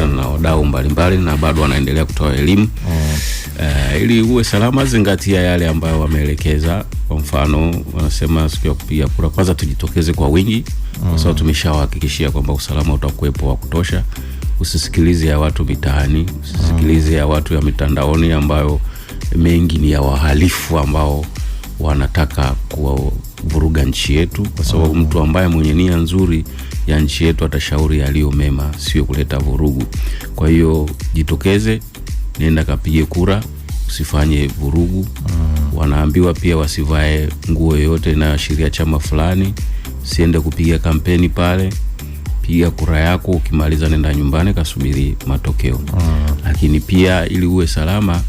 wanashirikiana na wadau mbalimbali na bado wanaendelea kutoa elimu mm. Uh, ili uwe salama, zingatia yale ambayo wameelekeza. Kwa mfano, wanasema siku ya kupiga kura, kwanza tujitokeze kwa wingi mm. kwa sababu tumeshawahakikishia kwamba usalama utakuwepo wa kutosha. Usisikilize ya watu mitaani, usisikilize ya watu ya mitandaoni ambayo mengi ni ya wahalifu ambao wanataka kuvuruga nchi yetu, kwa sababu mm. mtu ambaye mwenye nia nzuri ya nchi yetu atashauri yaliyo mema, sio kuleta vurugu. Kwa hiyo jitokeze, nenda kapige kura, usifanye vurugu. mm. Wanaambiwa pia wasivae nguo yoyote inayoashiria chama fulani, siende kupiga kampeni pale. Piga kura yako, ukimaliza nenda nyumbani kasubiri matokeo. mm. Lakini pia ili uwe salama,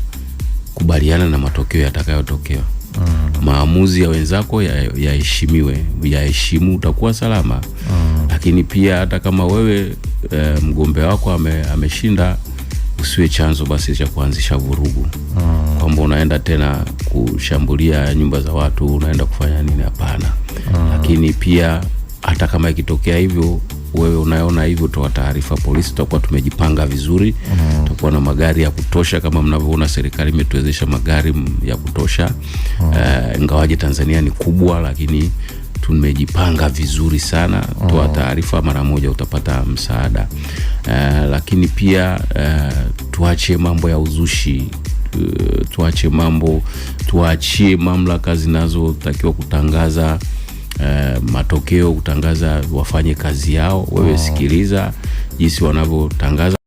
kubaliana na matokeo yatakayotokea. mm. Maamuzi ya wenzako yaheshimiwe, ya yaheshimu, utakuwa salama. mm. Lakini pia hata kama wewe e, eh, mgombea wako ame, ameshinda usiwe chanzo basi cha kuanzisha vurugu mm. kwamba unaenda tena kushambulia nyumba za watu, unaenda kufanya nini? Hapana mm. Lakini pia hata kama ikitokea hivyo wewe unaona hivyo, toa taarifa polisi, tutakuwa tumejipanga vizuri mm. tutakuwa na magari ya kutosha. Kama mnavyoona, serikali imetuwezesha magari ya kutosha mm. Uh, ingawaje Tanzania ni kubwa, lakini tumejipanga vizuri sana oh. Toa taarifa mara moja utapata msaada uh, lakini pia uh, tuache mambo ya uzushi eh, tuache mambo, tuachie mamlaka zinazotakiwa kutangaza Uh, matokeo kutangaza, wafanye kazi yao. Wewe oh, sikiliza jinsi wanavyotangaza.